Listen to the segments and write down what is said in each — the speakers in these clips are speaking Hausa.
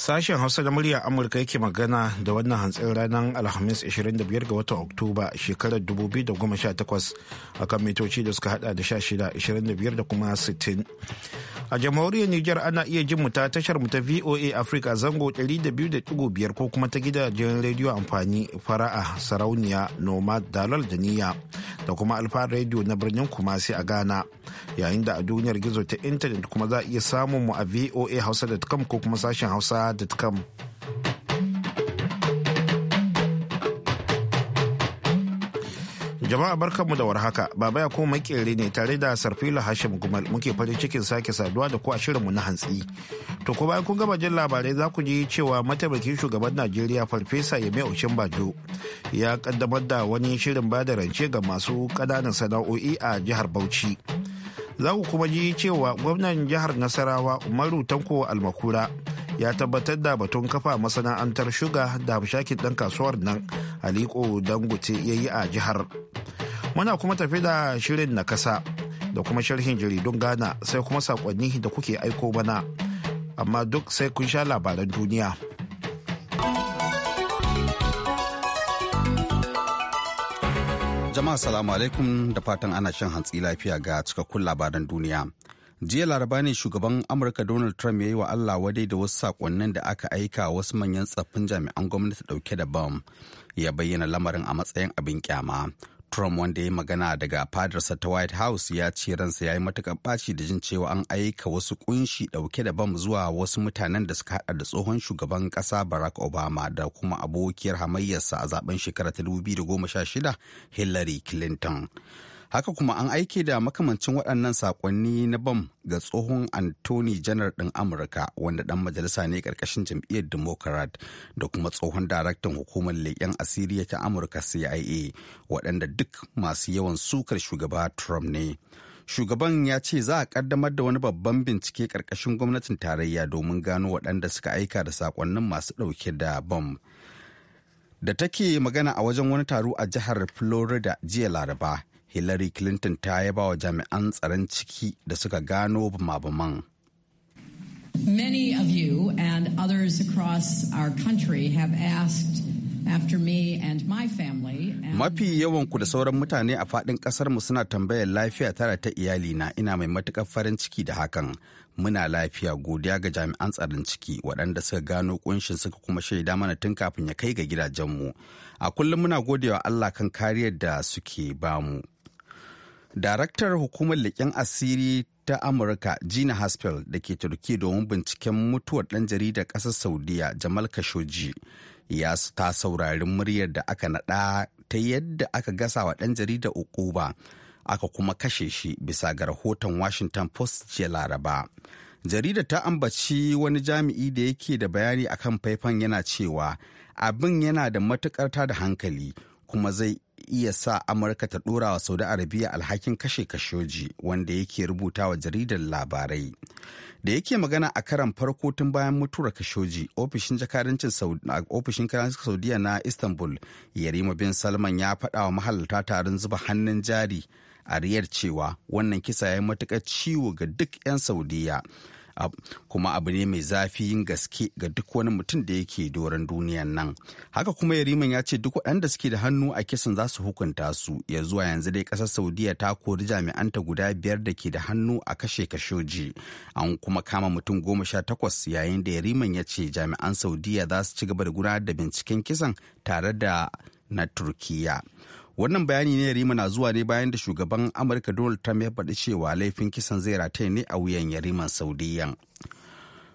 Sashen Hausa da murya Amurka yake magana da wannan hantsin ranar Alhamis 25 ga watan Oktoba shekarar 2018 akan mitoci da suka hada da 16, 25 da kuma 60. a jamhuriyar Nijar ana iya jin mu ta tashar mu ta VOA Africa zango 200.5 ko kuma ta gidajen rediyo amfani fara'a sarauniya nomad dalal da niyya da kuma alfa rediyo na birnin kumasi a Ghana yayin da a duniyar gizo ta intanet kuma za a iya samun mu a voa hausa.com ko kuma sashen hausa.com. Jama'a barkanmu da warhaka, Baba ya kuma makere ne tare da sarfila Hashim Gumal muke farin cikin sake saduwa da ku a shirinmu na hantsi. To ko bayan kun gama jin labarai za ku ji cewa mataimakin shugaban Najeriya Farfesa Yemi bajo ya kaddamar da wani shirin bada rance ga masu ƙananan sana'o'i a jihar Bauchi. Za ku kuma ji cewa gwamnan jihar Nasarawa Umaru Tanko Almakura ya tabbatar da batun kafa masana'antar shuga da hamshakin ɗan kasuwar nan Aliko Dangote ya yi a jihar. muna kuma tafi da shirin na kasa da kuma sharhin jaridun ghana sai kuma sakonni da kuke aiko mana amma duk sai kun sha labaran duniya jama'a salamu alaikum da fatan ana shan hantsi lafiya ga cikakkun labaran duniya jiya laraba ne shugaban amurka donald trump ya yi wa allah wadai da wasu sakonnin da aka aika wasu manyan tsaffin jami'an gwamnati dauke da bam ya bayyana lamarin a matsayin abin kyama Trump wanda ya magana daga fadarsa ta White House ya ce ransa ya yi matuƙar ɓaci da jin cewa an aika wasu kunshi ɗauke da bam zuwa wasu mutanen da suka haɗa da tsohon shugaban ƙasa Barack Obama da kuma abokiyar hamayyarsa a zaben shekara 2016 Hillary Clinton. haka kuma an aike da makamancin waɗannan saƙonni na bam ga tsohon anthony janar ɗin amurka wanda ɗan majalisa ne ƙarƙashin jam'iyyar democrat da kuma tsohon daraktan hukumar leƙen asiriya ta amurka cia waɗanda duk masu yawan sukar shugaba trump ne shugaban ya ce za a kaddamar da wani babban bincike ƙarƙashin gwamnatin tarayya domin gano waɗanda suka aika da saƙonnin masu ɗauke da bam da take magana a wajen wani taro a jihar florida jiya laraba hillary clinton ta ba wa jami'an tsaron ciki da suka gano bumabuman many of you and others across our country have asked after me and my family mafi yawanku da sauran mutane a faɗin mu suna tambayar lafiya tara ta iyali na ina mai matuƙar farin ciki da hakan muna lafiya godiya ga jami'an tsaron ciki waɗanda suka gano kunshin suka kuma shaida mana tun kafin ya kai ga gidajenmu a kullum muna godewa allah kan kariyar da suke bamu Daraktar hukumar leƙen asiri ta Amurka Gina Haspel da ke Turki domin binciken mutuwar ɗan jaridar ƙasar Saudiya Jamal Khashoggi ya ta saurari muryar da aka naɗa ta yadda aka gasa wa ɗan jaridar Ukuba aka kuma kashe shi bisa ga rahoton Washington Post jiya Laraba. Jaridar ta ambaci wani jami'i da yake da bayani akan faifan yana cewa abin yana da matukar da hankali kuma zai iya sa amurka ta ɗora wa saudi arabia alhakin kashe kashoji wanda yake rubuta wa jaridar labarai da yake magana a karan farko tun bayan mutuwar kashoji ofishin jakarancin ofishin saudiya na istanbul yarima bin salman ya faɗa wa mahalarta taron zuba hannun jari a riyar cewa wannan kisa ya yi matuƙar ciwo ga duk 'yan saudiya kuma abu ne mai zafi yin gaske ga duk wani mutum da yake doron duniyan nan haka kuma yariman ya ce duk waɗanda suke da hannu a kisan za su hukunta su ya zuwa yanzu dai ƙasar saudiya ta kori jami'anta guda biyar da ke da hannu a kashe kashoji an kuma kama mutum goma sha takwas yayin da yariman ya ce jami'an saudiya za su ci gaba da gudanar da binciken kisan tare da na turkiya Wannan bayani ne Yarima na zuwa ne bayan da shugaban Amurka Donald Trump ya faɗi cewa laifin kisan zai rataye ne a wuyan Yariman Saudiyan.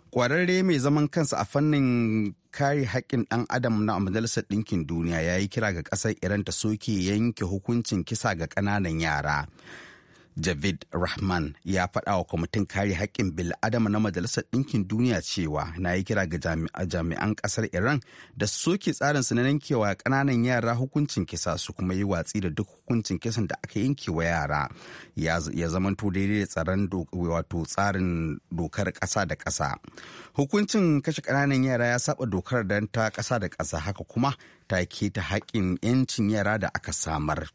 Kwararre mai zaman kansa a fannin kare haƙƙin ɗan adam na Majalisar Ɗinkin Duniya ya yi kira ga ƙasar Iran ta soke yanke hukuncin kisa ga ƙananan yara Javid Rahman ya faɗa wa kwamitin kare haƙƙin bil'adama na Majalisar Ɗinkin Duniya cewa na yi kira ga jami'an ƙasar Iran da soke su na yankewa ƙananan yara hukuncin kisa su kuma yi watsi da duk hukuncin kisan da aka yanke wa yara ya zamanto daidai da tsaron wato tsarin dokar ƙasa da ƙasa. Hukuncin kashe ƙananan yara ya saba dokar dan ta ƙasa da ƙasa haka kuma ta keta haƙƙin 'yancin yara da aka samar.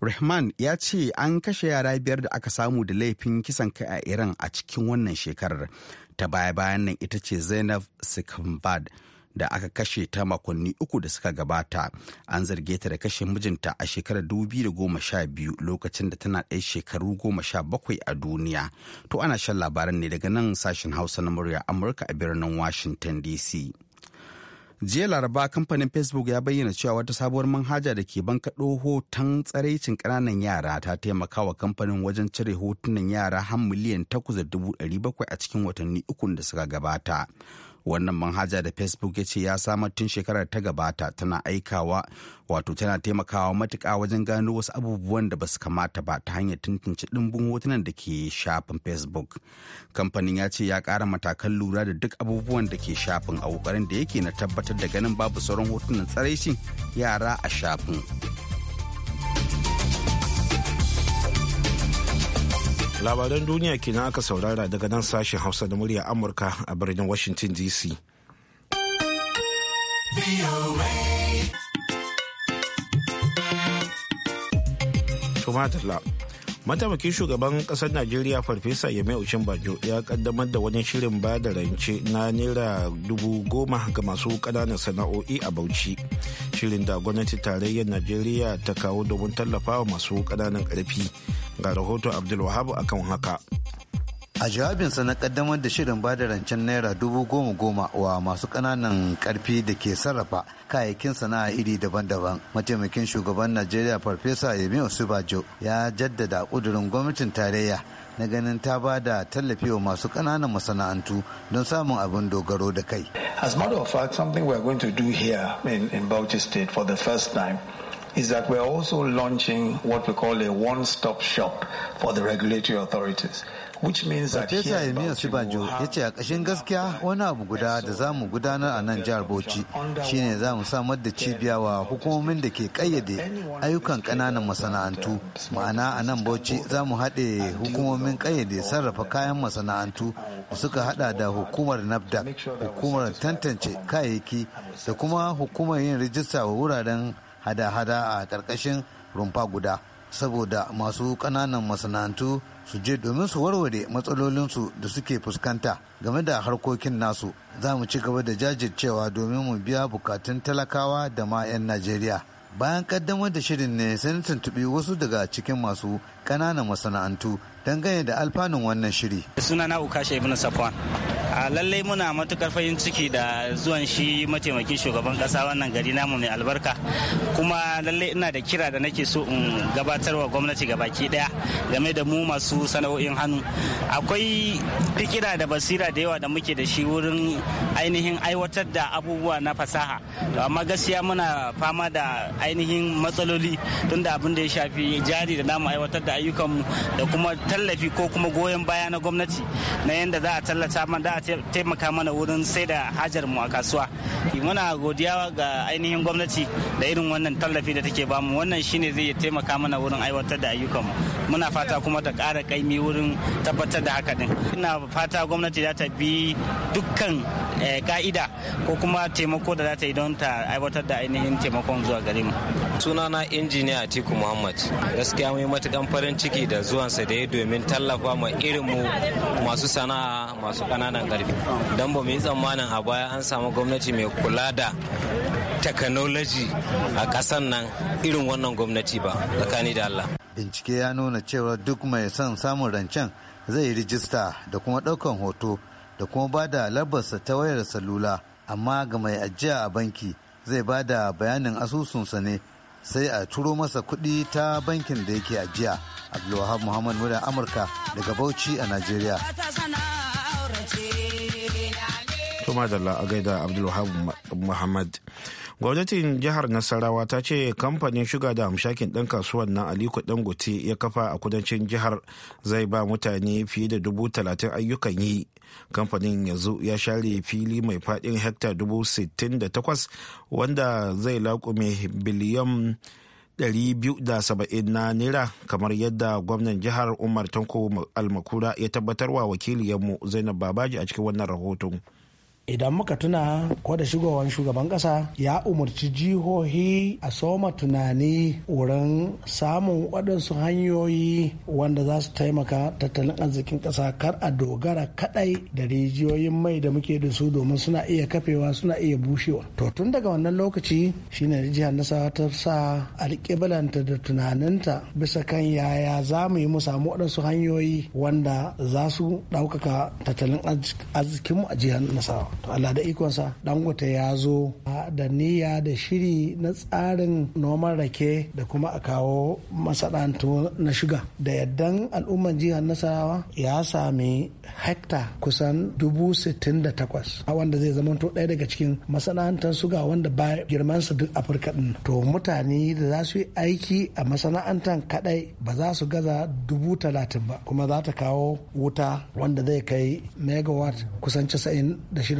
Rahman ya ce an kashe yara biyar da aka samu da laifin kisan kai a Iran a cikin wannan shekarar. Ta baya-bayan nan ita ce Zainab sikambad da aka kashe ta makonni uku da suka gabata. An zarge ta da kashe mijinta a shekarar 2012 lokacin da tana ɗaya shekaru 17 a duniya. To ana shan labaran ne daga nan sashen Hausa na murya Amurka a birnin Washington DC. jiya laraba kamfanin facebook ya bayyana cewa wata sabuwar manhaja da ke banka hoton tsaraicin kananan yara ta taimaka wa kamfanin wajen cire hotunan yara har miliyan 8,700 a cikin watanni ukun da suka gabata wannan manhaja da facebook ya ce ya samar tun shekarar ta gabata tana aikawa wato tana taimakawa matuka wajen gano wasu abubuwan da ba su kamata ba ta hanyar tuntunci ɗimbin hotunan da ke shafin facebook kamfanin ya ce ya kara matakan lura da duk abubuwan da ke shafin a ƙoƙarin da yake na tabbatar da ganin babu sauran hotunan tsaraicin yara a shafin labaran duniya kenan aka saurara daga nan sashen hausa da murya amurka a birnin washington dc mataimakin shugaban kasar najeriya farfesa yame ucin bajo ya kaddamar da wani shirin ba da rance na naira dubu goma ga masu kananan sana'o'i a bauchi shirin da gwamnati tarayyar najeriya ta kawo domin tallafawa masu kananan karfi ga rahoton abdulwahab akan haka a jawabinsa na kaddamar da shirin bada rancen naira dubu goma goma wa masu ƙananan karfi da ke sarrafa kayayyakin sana'a iri daban-daban mataimakin shugaban najeriya farfesa yemi osibajo ya jaddada ƙudurin gwamnatin tarayya na ganin ta ba da tallafi wa masu ƙananan masana'antu don samun abin dogaro da kai. As matter of fact, something we are going to do here in, in Bauchi State for the first time is that we're also launching what we call a one-stop shop for the regulatory authorities. means. Yemiya Sibanjo ya ce a kashin gaskiya wani abu guda da za mu gudanar a nan jihar Bauchi shine za mu samar da cibiya wa hukumomin da ke ƙayyade ayyukan ƙananan masana'antu. Ma'ana a nan Bauchi za mu haɗe hukumomin kayyade sarrafa kayan masana'antu da suka haɗa da hukumar NAFDA, hukumar tantance kayayyaki da kuma hukumar yin rijista wa wuraren hada-hada a ƙarƙashin rumfa guda saboda masu ƙananan masana'antu su je domin su warware matsalolinsu da suke fuskanta game da harkokin nasu za mu ci gaba da jajircewa domin mu biya bukatun talakawa da ma 'yan najeriya bayan kaddamar da shirin ne sai tuntuɓi wasu daga cikin masu ƙananan masana'antu dangane da alfanun wannan shiri sunana ukasha ibn safwan a lallai muna matukar fahim ciki da zuwan shi mataimakin shugaban kasa wannan gari namu mai albarka kuma lallai ina da kira da nake so in gabatar gabatarwa gwamnati baki daya game da mu masu sana'o'in hannu akwai fikira da basira da yawa da muke da shi wurin ainihin aiwatar da abubuwa na fasaha amma gaskiya muna fama da ainihin matsaloli tunda abin da ya shafi jari da namu aiwatar da ayyukanmu da kuma tallafi ko kuma goyon baya na gwamnati na yadda za a tallata man da taimaka mana wurin sai da hajar mu a kasuwa eh, muna godiya ga ainihin gwamnati da irin wannan tallafi da take bamu wannan shine zai taimaka mana wurin aiwatar da ayyukanmu muna fata kuma ta ƙara kaimi wurin tabbatar da haka din ina fata gwamnati za ta bi dukkan Eh, ka'ida ko kuma taimako da za ta yi don ta aiwatar da ainihin taimakon zuwa gare mu sunana injiniya atiku muhammad gaskiya mai matukan farin ciki da zuwansa da ya domin tallafa ma irinmu masu sana'a masu kananan karfi don ba mu yi tsammanin a baya an samu gwamnati mai kula da takanoloji a ƙasan nan irin wannan gwamnati ba tsakani da allah bincike ya nuna cewa duk mai son samun rancen zai rijista da kuma ɗaukan hoto da kuma ba da labarsa ta wayar salula amma ga mai ajiya a banki zai ba da bayanin asusunsa ne sai a turo masa kuɗi ta bankin da yake ajiya abdulwahab muhammad wadda amurka daga bauchi a najeriya madalla a da abdulwahab muhammad gwamnatin jihar nasarawa ta ce kamfanin shuga da hamshakin ɗan kasuwan na aliko dangote ya kafa a kudancin jihar zai ba mutane fiye da dubu talatin ayyukan yi kamfanin yanzu ya share fili mai faɗin hekta dubu sittin da takwas wanda zai laƙume biliyan biyu da saba'in na naira kamar yadda gwamnan jihar umar tanko almakura ya tabbatar tabbatarwa wakiliyarmu zainab babaji a cikin wannan rahoton. idan muka tuna ko da shigowar shugaban kasa ya umarci jihohi a soma tunani wurin samun waɗansu hanyoyi wanda za su taimaka tattalin arzikin ƙasa kar a dogara kaɗai da rijiyoyin mai da muke da su domin suna iya kafewa suna iya bushewa to tun daga wannan lokaci shine jihar nasarawa ta sa alƙiblanta da tunaninta bisa kan yaya za mu yi mu samu waɗansu hanyoyi wanda za su ɗaukaka tattalin arzikinmu a jihar nasarawa to Allah da ikonsa dangote ya zo da niyya da shiri na tsarin noman rake da kuma a kawo masana'antu na shiga da yaddan al'umman jihar nasarawa ya sami hekta kusan dubu da takwas a wanda zai zama to ɗaya daga cikin masana'antar suga wanda ba girmansa duk afirka din to mutane da za su yi aiki a masana'antar kadai ba za su gaza dubu ba kuma za ta kawo wuta wanda zai kai megawatt kusan casa'in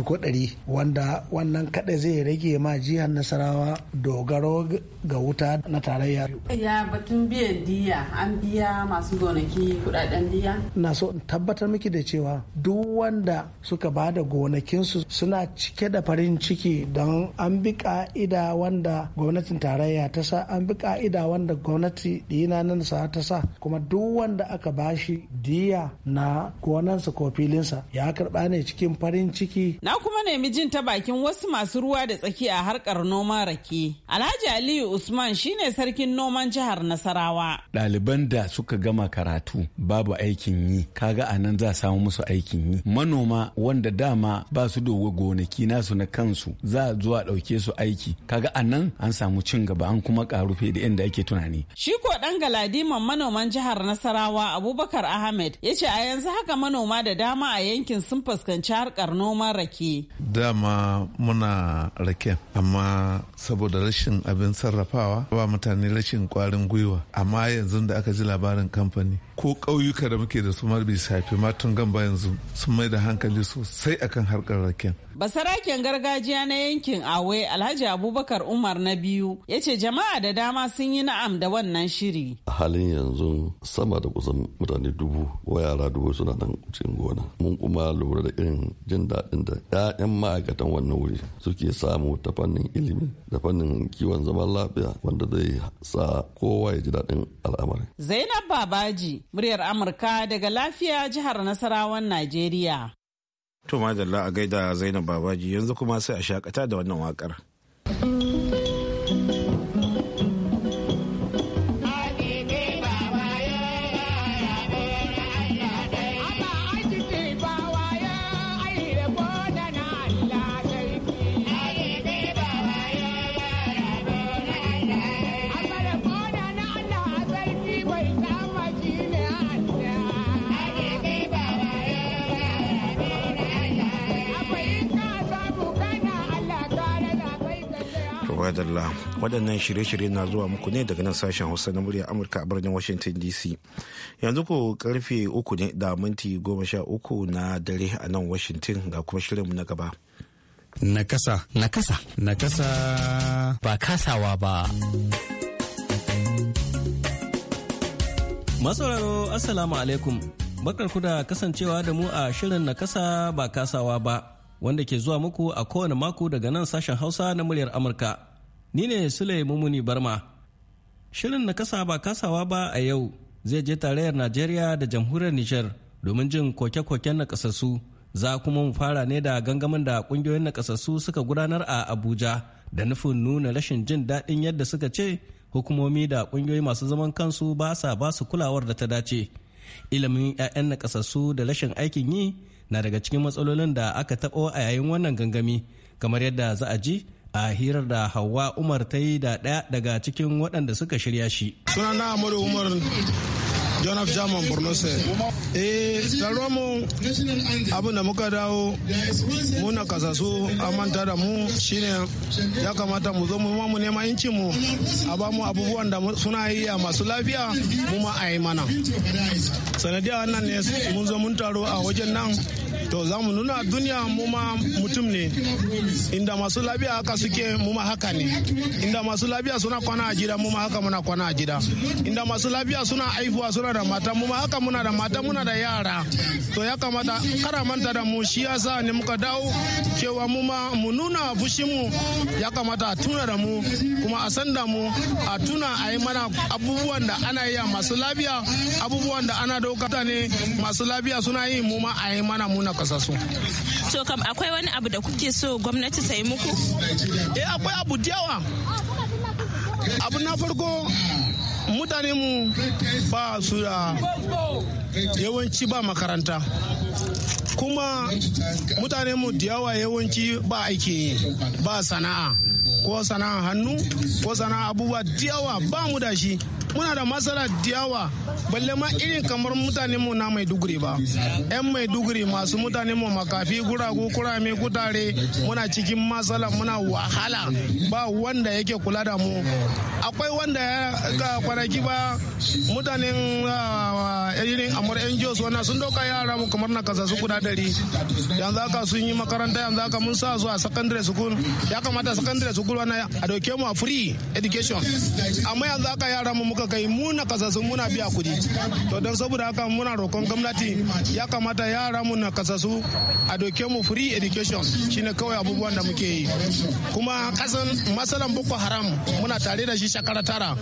ko ɗari wanda wannan kaɗa zai rage ma jihar nasarawa dogaro ga wuta na tarayya. ya batun biyan diya an biya masu gonaki kudaden diya. na so in tabbatar miki da cewa duk wanda suka ba da gonakinsu suna cike da farin ciki don an bi ka'ida wanda gwamnatin tarayya ta sa an bi ka'ida wanda gwamnati dina nan sa ta sa kuma duk wanda aka bashi diya na gonansa ko filinsa ya karba ne cikin farin ciki. na kuma nemi jin ta bakin wasu masu ruwa da tsaki a harkar noman rake. Alhaji Aliyu Usman shine sarkin noman jihar Nasarawa. Ɗaliban da suka gama karatu babu aikin yi, kaga a nan za samu musu aikin yi. Manoma wanda dama ba su dogo gonaki nasu na kansu za a zuwa ɗauke su aiki, kaga a nan an samu cin gaba an kuma karufe da inda ake tunani. Shi ko ɗan galadiman manoman jihar Nasarawa Abubakar Ahmed ya ce a yanzu haka manoma da dama a yankin sun fuskanci harkar noman rake. rake? Dama muna rake amma saboda rashin abin sarrafawa ba mutane rashin kwarin gwiwa amma yanzu da aka ji labarin kamfani ko ƙauyuka da muke da su ma bai shafi matan gamba yanzu sun mai da hankali sosai akan harkar raken. Basaraken gargajiya na yankin Awe Alhaji Abubakar Umar na biyu ya ce jama'a da dama sun yi na'am da wannan shiri. A halin yanzu sama da kusan mutane dubu wa yara dubu suna nan cikin gona. Mun kuma lura da irin jin daɗin da 'ya'yan ma'aikatan wannan wuri suke samu ta fannin ilimi da fannin kiwon zaman lafiya wanda zai sa kowa ya ji daɗin al'amari. Zainab Babaji Muryar Amurka daga lafiya jihar Nasarawan Najeriya. To madalla a gaida Zainab Babaji yanzu kuma sai a shakata da wannan waƙar. Wadalla. Waɗannan shirye-shirye na zuwa muku ne daga nan sashen Hausa na murya Amurka a birnin Washington DC. Yanzu ku karfe uku ne da minti goma sha uku na dare a nan Washington ga kuma shirinmu na gaba. Nakasa. Nakasa. Nakasa. Ba kasawa ba. Masauraro, Assalamu alaikum. Bakar ku da kasancewa da mu a shirin Nakasa ba kasawa ba. wanda ke zuwa muku a kowane mako daga nan sashen Hausa na muryar Amurka. Ni ne Sule Mumuni Barma. Shirin na kasa ba kasawa ba a yau zai je tarayyar Najeriya da jamhuriyar Nijar domin jin koke-koken nakasassu. Za kuma mu fara ne da gangamin da kungiyoyin nakasassu suka gudanar a Abuja da nufin nuna rashin jin daɗin yadda suka ce hukumomi da kungiyoyi masu zaman kansu ba sa ba su kulawar da ta dace. Ilimin 'ya'yan nakasassu da rashin aikin yi na daga cikin matsalolin da aka taɓo a yayin wannan gangami kamar yadda za a ji a hirar da hawa umar ta yi da ɗaya daga cikin waɗanda suka shirya shi sunana amadu umar jonaf jaman borno state eh taruwa mu abin muka dawo muna kasasu an da mu shine ya kamata mu zo mu ma mu nema incin mu a ba mu abubuwan da suna yi a masu lafiya mu ma a yi mana sanadiyar wannan ne mun zo mun taro a wajen nan to za mu nuna duniya mu ma mutum ne inda masu lafiya haka suke mu ma haka ne inda masu lafiya suna kwana a gida mu ma haka muna kwana a gida inda masu lafiya suna aifuwa suna da mata mu ma haka muna da mata muna da yara to ya kamata kada manta da mu shi yasa ne muka dawo cewa mu ma mu nuna fushin mu ya kamata a tuna da mu kuma a san da mu a tuna a yi mana abubuwan da ana yi masu lafiya abubuwan da ana daukata ne masu lafiya suna yi mu ma a yi mana muna kasasu. To kam akwai wani abu da kuke so gwamnati ta yi muku? Eh akwai abu da yawa. Abu na farko mutane mu ba su da yawanci ba makaranta kuma mutane mu da yawa yawanci ba aiki ba sana'a ko sana'a hannu ko sana'a abubuwa diyawa ba mu da shi muna da matsala diyawa balle ma irin kamar mutane mu na maiduguri ba yan maiduguri masu mutane mu makafi guragu kurame gudare muna cikin matsala muna wahala ba wanda yake kula da mu akwai wanda ya kwanaki ba mutanen ah, irin amur ngos wana sun doka yara mu kamar na kasa su guda dari yanzu haka sun yi makaranta yanzu haka mun sa su a secondary school ya kamata secondary school a dauke mu a free education amma yanzu aka yara mu muka kai mu na kasasun muna biya kuɗi to don saboda haka muna roƙon gwamnati ya kamata yara mu na kasasu a dauke mu free education shine kawai abubuwan da muke yi kuma kasan masalan boko haram muna tare da shi shekara tara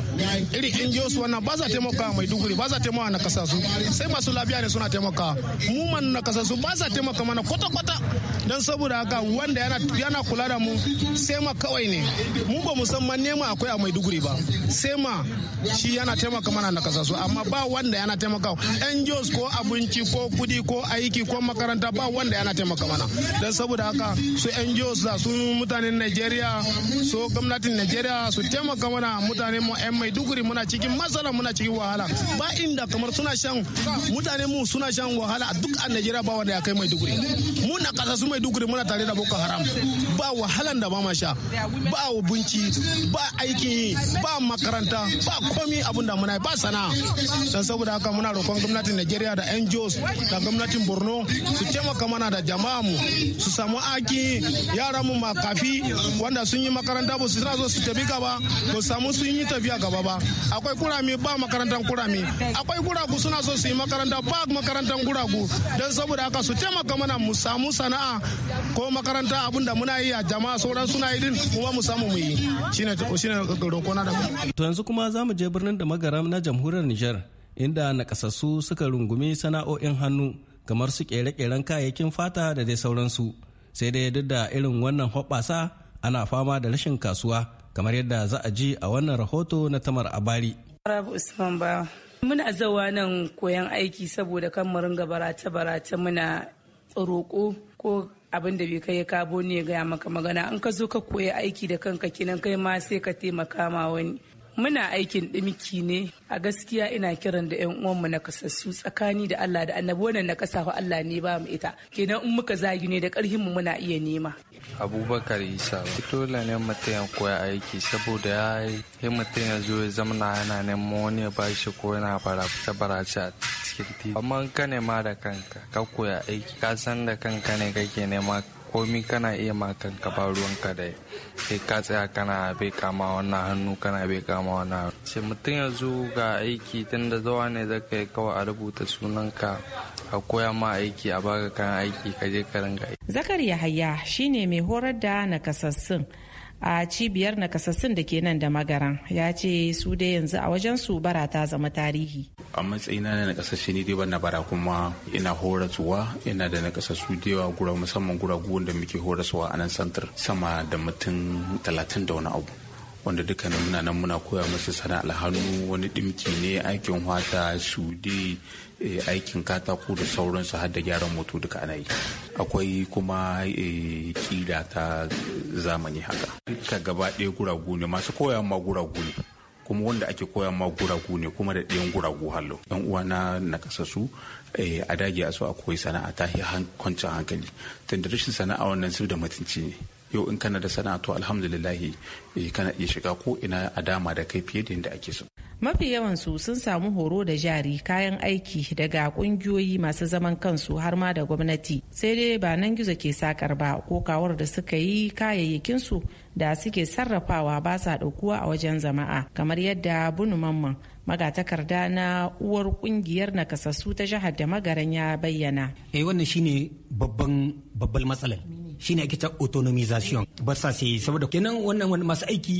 iri NGOs wannan ba za taimaka mai duguri ba za taimaka na kasasu sai masu lafiya ne suna taimaka mu man na kasasu ba za taimaka mana kwata-kwata don saboda haka wanda yana kula da mu sai ma kawai ne mu ba musamman nema akwai a maiduguri ba sai ma shi yana taimaka mana na su amma ba wanda yana taimaka NGOs ko abinci ko kudi ko aiki ko makaranta ba wanda yana taimaka mana don saboda haka su NGOs da su mutanen Najeriya su gwamnatin Najeriya su taimaka mana mutane mu yan maiduguri muna cikin matsala muna cikin wahala ba inda kamar suna shan mutane mu suna shan wahala duk a Najeriya ba wanda ya kai maiduguri mu na su maiduguri muna tare da Boko Haram ba wahalan da ba ma sha ba bunci ba aiki ba makaranta ba komi abin da muna ba sana don saboda haka muna roƙon gwamnatin Najeriya da NGOs da gwamnatin Borno su taimaka mana da jama'a mu su samu aiki yara mu makafi wanda sun yi makaranta ba su zo su tafi gaba ba samu sun yi tafiya gaba ba akwai kurami ba makarantar kurami akwai guragu suna so su yi makaranta ba makarantar guragu don saboda haka su taimaka mana mu samu sana'a ko makaranta da muna yi a jama'a sauran suna yi din mu samu mu yi shine shine da to yanzu kuma za mu je birnin da magaram na jamhuriyar Nijar inda nakasassu suka rungumi sana'o'in hannu kamar su kere-keren kayayyakin fata da dai sauransu sai dai duk da irin wannan hoɓɓasa ana fama da rashin kasuwa kamar yadda za a ji a wannan rahoto na tamar abari. muna zawa nan koyan aiki saboda kan mu ringa barace-barace muna roƙo ko abin da bai kai kabo ne ya gaya maka magana an ka zo ka koya aiki da kanka kinan kai ma sai ka taimaka ma wani muna aikin ɗimki ne a gaskiya ina kiran da 'yan uwanmu na kasassu tsakani da Allah da annabi wannan na kasafa Allah ne ba mu ita kenan in muka zagi ne da ƙarfin mu muna iya nema Abubakar Isa dole ne mutum ya koya aiki saboda ya yi mutum ya zo ya zamana yana neman wani ya ba shi ko yana barace barace a cikin titi amma ka nema da kanka ka koya aiki ka san da kanka ne kake nema komi kana iya makan ka ba ka da kai ka tsaya kana bai kama wannan hannu kana bai kama wannan hannu ce mutum zo ga aiki tun da zawa ne ka yi kawai a rubuta sunan ka a koya ma aiki a baka kan aiki ka je ka ringa aiki zakar yahaya shine mai horar da nakasassun a cibiyar nakasassun da ke nan da magaran ya ce su da yanzu a wajen su bara ta zama tarihi a matsayina na nakasashe ni dai na bara kuma ina horatuwa ina da nakasassu da yawa gura musamman gura da muke horaswa a nan santar sama da mutum talatin da wani abu wanda dukkanin muna nan muna koya musu sana'ar hannu wani dimki ne aikin hwata sude eh, aikin katako da sauransu har da gyaran moto duka ana yi akwai kuma kira eh, ta zamani haka duka gaba ɗaya guragu ne masu koya ma guragu ne kuma wanda ake koya ma guragu ne kuma da ɗayan guragu hallo yan uwa na ƙasa su eh, a dage a so a koyi sana'a ta kwancin hankali tunda rashin sana'a wannan su da mutunci ne yau in kana da sana'a to alhamdulillahi eh, kana iya shiga ko ina a dama da kai fiye da yadda ake so mafi yawan su sun samu horo da jari kayan aiki daga kungiyoyi masu zaman kansu har ma da gwamnati sai dai ba nan gizo ke sakar ba ko kawar da suka yi kayayyakin su da suke sarrafawa ba sa daukuwa a wajen jama'a kamar yadda bunu mamman magatakarda na uwar kungiyar nakasassu ta jihar da magaran ya bayyana eh wannan shine babban babbal matsalar shine ake ta autonomization ba sa sai saboda kenan wannan wani masu aiki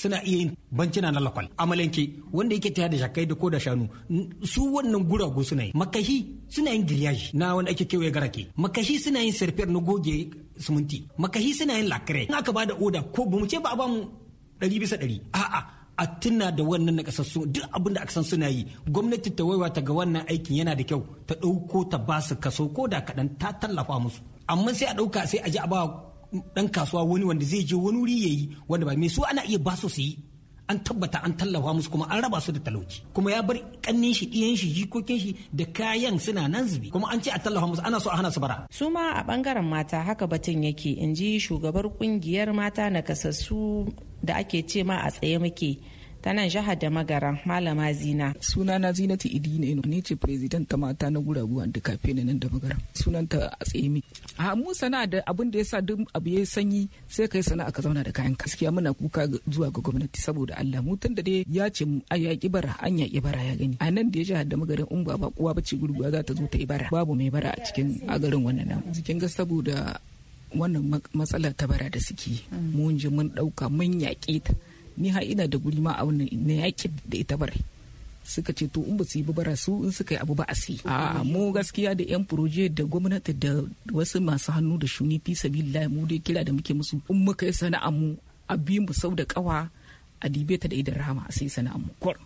suna iya yin bancina na lakwal amalanke wanda yake taya da shakai da ko da shanu su wannan guragu suna yi makahi suna yin giriyaji na wanda ake kewaye garake makahi suna yin sarfiyar na goge sumunti. makahi suna yin lakare in aka bada oda ko ba mu ce ba a bamu ɗari bisa ɗari a'a a tuna da wannan na duk abin da aka san suna yi gwamnati ta waiwa ta ga wannan aikin yana da kyau ta ɗauko ta ba su kaso ko da kaɗan ta tallafa musu amma sai a ɗauka sai a ji a ba ɗan kasuwa wani wanda zai je wani wuri ya yi wanda ba mai su ana iya ba su su yi an tabbata an tallafa musu kuma an raba su da talauci kuma ya bar kannin shi ɗiyan shi jikokin shi da kayan suna nan zubi kuma an ce a tallafa musu ana so a hana su bara su ma a bangaren mata haka batun yake in ji shugabar kungiyar mata nakasassu da ake ce ma a tsaye muke ta nan jihar da magaran malama zina suna na Zina zinatu idi ne ce president ta mata na guragu da kafe ne nan da magaran sunan ta a tsemi a mu sana da abin da yasa duk abu ya sanyi sai kai sana'a ka zauna da kayan gaskiya muna kuka zuwa ga gwamnati saboda Allah mu tun da dai ya ce a ya bara an ya bara ya gani a nan da ya jihar da magaran in ba ba ce bace gurguwa za ta zo ta ibara babu mai bara a cikin a garin wannan nan cikin ga saboda wannan matsala ta bara da suke mun ji mun dauka mun yaƙe ta ni har ina da guri ma a wannan na yaƙi da ita bare suka ce to in ba su yi bara su in suka yi abu ba a si a mu gaskiya da yan proje da gwamnati da wasu masu hannu da shuni fi sabilillah mu dai kira da muke musu in muka yi sana'a mu a bi mu sau da kawa a dibe ta da idan rama a sai sana'a mu kwar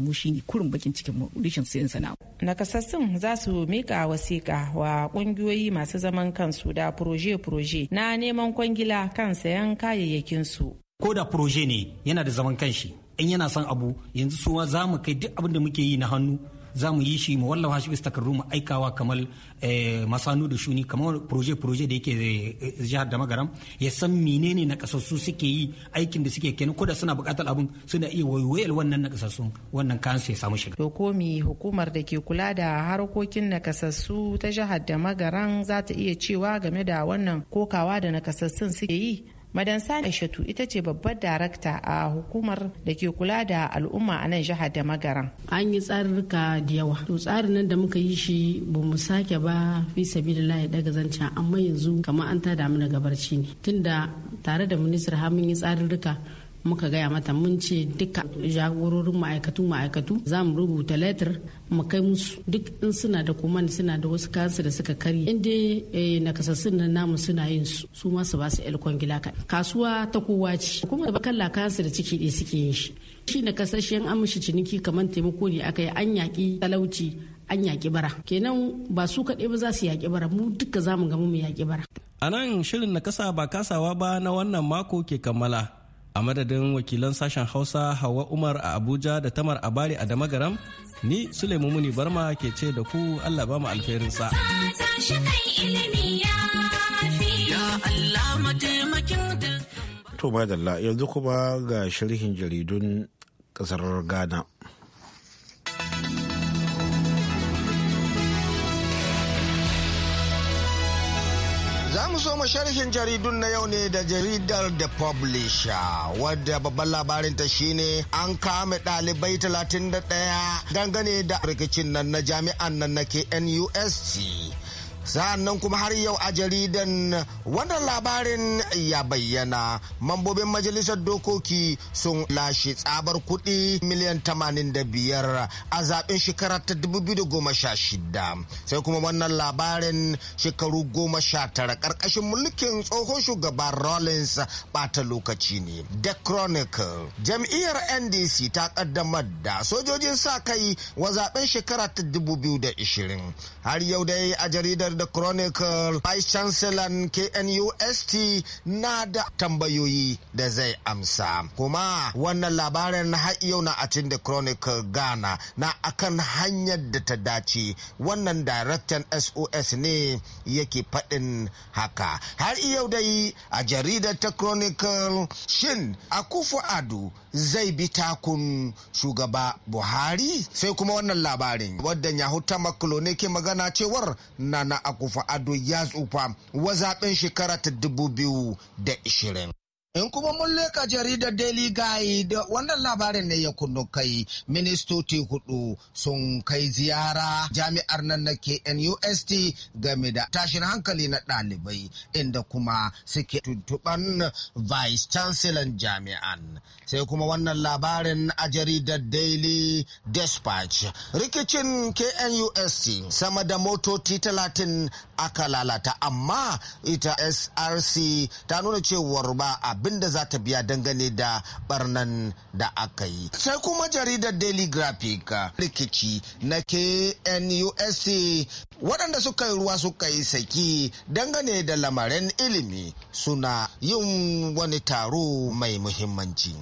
mu shine kurin bakin cikin mu rishin sayan sana'a nakasassun za su mika wasiƙa wa ƙungiyoyi masu zaman kansu da proje-proje na neman kwangila kan sayan kayayyakin su ko da proje ne yana da zaman kanshi in yana son abu yanzu su za mu kai duk abin da muke yi na hannu za mu yi shi mu wallafa shi bisa takardu mu aikawa kamar eh, masanu da shuni kamar proje proje da yake eh, jihar da magaram ya san menene na kasassu suke yi aikin da suke kenan ko da suna bukatar abun suna iya waiwayar wannan na kasassu wannan kayan su ya samu shiga. to ko mi hukumar da ke kula da harkokin na kasassu ta jihar da magaran za ta iya cewa game da wannan kokawa da na kasassun suke yi. madansa sani shatu ita ce babbar darakta a hukumar da ke kula da al'umma a nan jihar da magaran an yi tsarurruka da yawa to tsarin nan da muka yi shi ba mu sake ba fi layi daga zancen amma yanzu kamar an tada mu daga barci ne tunda tare da ministar har mun yi tsarurruka muka gaya mata mun ce duka jagororin ma'aikatu ma'aikatu za mu rubuta letter mu kai musu duk in suna da kuma suna da wasu kayansu da suka karya in dai eh, kasassun na namu suna yin su su ma su ba su elkon gila kasuwa ta kowa ce kuma da bakalla kayansu da ciki ɗaya suke yin shi shi kasashen amshi ciniki kamar taimako ne aka yi an yaƙi talauci an yaƙi bara kenan ba su kaɗai ba za su yaƙi bara mu duka za mu gamu mu yaƙi bara a nan shirin na kasa ba kasawa ba na wannan mako ke kammala a madadin wakilan sashen hausa hawa umar a abuja da tamar abari a damagaram ni sulaimu muni barma ke ce da ku allah ba mu alferinsa to madalla yanzu kuma ga sharhin jaridun kasar ghana so mu sharhin jaridun na yau ne da jaridar The Publisher wadda babban labarin ta shine an kame ɗalibai 31 dangane da rikicin nan na jami'an nan na KNUST sa'annan kuma har yau a jaridan wannan labarin ya bayyana mambobin majalisar dokoki sun lashe tsabar kuɗi miliyan 85 a zaben shekara ta 2016 sai kuma wannan labarin shekaru 19 ƙarƙashin mulkin tsohon shugaban rollins bata lokaci ne the chronicle jam'iyyar ndc ta ƙaddamar da sojojin sa kai wa zaben shekara ta 2020 har yau dai a jaridar jaridar The Chronicle, Vice Chancellor KNUST na da tambayoyi da zai amsa. Kuma wannan labarin har yau na a cikin The Chronicle Ghana na akan hanyar da ta dace. Wannan daraktan SOS ne yake faɗin haka. Har yau dai a jaridar ta Chronicle shin akufu adu zai bi takun shugaba Buhari sai kuma wannan labarin wadda Yahuta Makolo ne ke magana cewar na na. akufa ado ya tsufa wa zaben shekara ta 2020 In kuma mun leka jaridar Daily Guide wannan labarin ne ya kunnu kai ministoci hudu sun kai ziyara jami'ar nan na KNUST game da tashin hankali na ɗalibai inda kuma suke tuntuban vice chancellor jami'an. Sai kuma wannan labarin a jaridar Daily Dispatch. Rikicin KNUST sama da motoci talatin aka lalata amma ita SRC ta nuna cewar ba a abin da za ta biya dangane da barnan da aka yi sai kuma jaridar daily graphic rikici na KNUSC waɗanda suka yi ruwa suka yi saki dangane da lamarin ilimi suna yin wani taro mai muhimmanci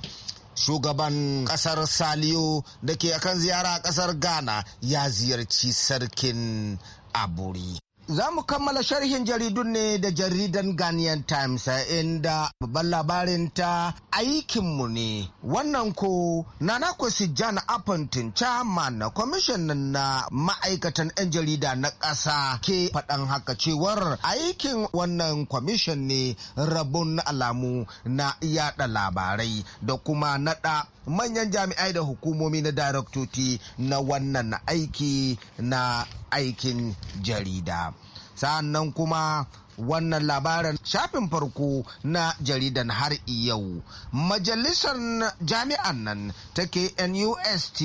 shugaban ƙasar saliyo da ke akan ziyara ƙasar ghana ya ziyarci sarkin aburi Za mu kammala sharhin jaridun ne da jaridan Ghanaian Times inda babban labarin ta aikinmu ne. Wannan ko Nana Kwasijan Appleton, Chairman na kwamishin na ma'aikatan 'yan jarida na ƙasa ke faɗan haka cewar aikin wannan kwamishin ne rabon alamu na yada labarai da kuma naɗa manyan jami'ai da hukumomi na daraktoci na wannan aiki na aikin jarida. sannan kuma wannan labarin shafin farko na jaridan har yau majalisar jami'an nan ta knust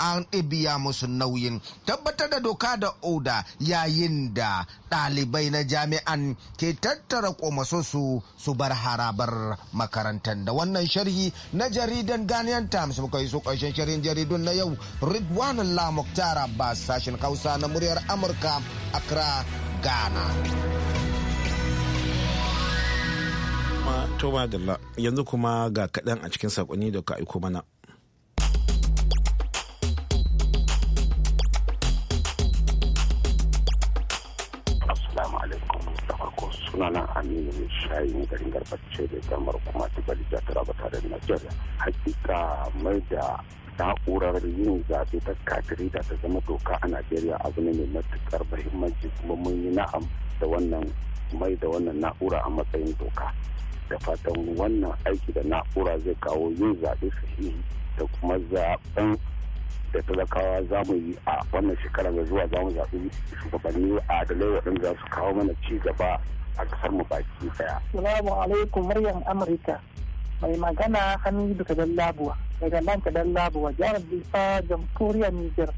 an ɗibiya musu nauyin tabbatar da doka da oda yayin da ɗalibai na jami'an ke tattara komasosu su bar harabar makarantar da wannan sharhi na jaridan ganiyan times muka yi su ƙarshen sharhin jaridun na yau ridwan lamuktar ba sashen hausa na muryar amurka accra ghana To Dalla yanzu kuma ga kaɗan a cikin saƙonni da ka aiko mana. Assalamu alaikum da farko sunana Aminu ne shayi ne garin garbace da damar kuma tibali da taraba tare da Najeriya. Hakika mai da na'urar yin zaɓe ta katiri da ta zama doka a najeriya abu ne mai matukar muhimmanci kuma mun yi na'am da wannan mai da wannan na'ura a matsayin doka da fatan wannan aiki da na'ura zai kawo yin zaɓe sahihi da kuma zaɓen da talakawa za mu yi a wannan shekara mai zuwa za mu zaɓi shugabanni a adalai waɗanda za su kawo mana ci gaba a kasar mu baki daya. Salamu alaikum muryar Amurka. Mai magana Hamidu Kadallabuwa daga nan Labuwa jihar Bisa jamhuriyar Nijar.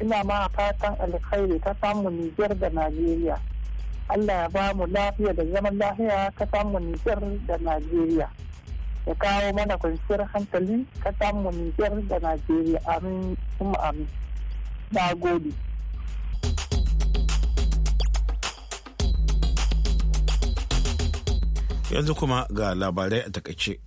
Ina ma fatan alkhairi ta samu Nijar da Najeriya. Allah ya ba mu lafiya da zaman lafiya ka samu Nijar da Najeriya. Ya kawo mana kwanciyar hankali ka samu Nijar da Najeriya amin kuma amin. Na gode. Yanzu kuma ga labarai a takaice.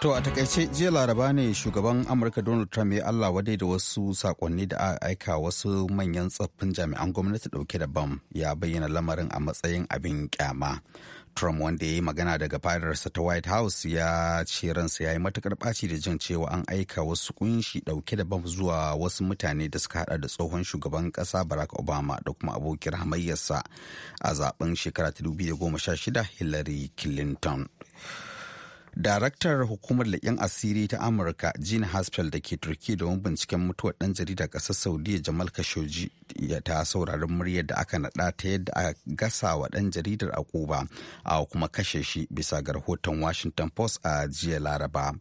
To a takaice jiya laraba ne shugaban Amurka Donald Trump ya Allah wadai da wasu sakonni da aka aika wasu manyan tsoffin jami'an gwamnati dauke da bam ya bayyana lamarin a matsayin abin kyama. Trump wanda ya yi magana daga fadarsa ta White House ya ce ransa ya yi matukar ɓaci da jin cewa an aika wasu kunshi dauke da bam zuwa wasu mutane da suka hada da tsohon shugaban ƙasa Barack Obama da kuma abokin hamayyarsa a zaben shekara ta 2016 Hillary Clinton. Daraktar hukumar leƙen asiri ta Amurka Jean Haspel da ke Turki domin binciken mutuwar ɗan jarida ƙasar Saudiya Jamal Khashoggi ya ta sauraron muryar da aka naɗa ta yadda aka gasa wa ɗan jaridar a Kuba a kuma kashe shi bisa ga rahoton Washington Post a jiya Laraba.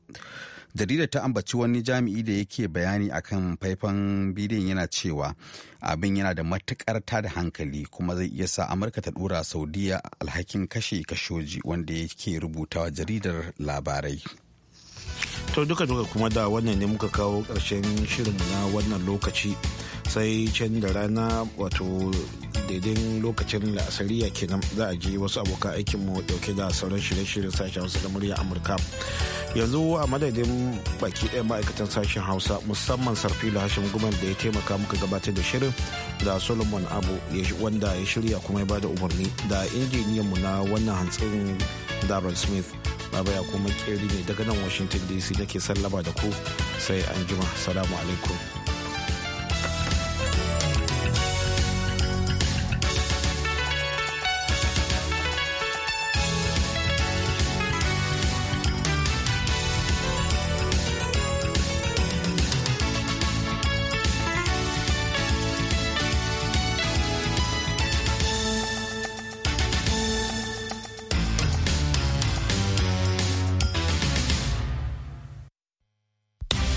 jaridar ta ambaci wani jami'i da yake bayani akan faifan bidiyon yana cewa abin yana da matukar da hankali kuma zai iya sa amurka ta dura saudiya alhakin kashe kashoji wanda yake rubutawa jaridar labarai to duka duka kuma da wannan ne muka kawo karshen shirin na wannan lokaci sai can da rana wato daidai lokacin la'asariya kenan za a je wasu abokan aikin mu dauke da sauran shirye-shiryen sashen hausa da murya amurka yanzu a madadin baki ɗaya ma'aikatan sashen hausa musamman da hashim guman da ya taimaka muka gabatar da shirin da solomon abu wanda ya shirya kuma ya bada umarni da injiniyanmu na wannan hantsin darren smith baba ya kuma keri ne daga nan washington dc nake sallaba da ku sai an jima salamu alaikum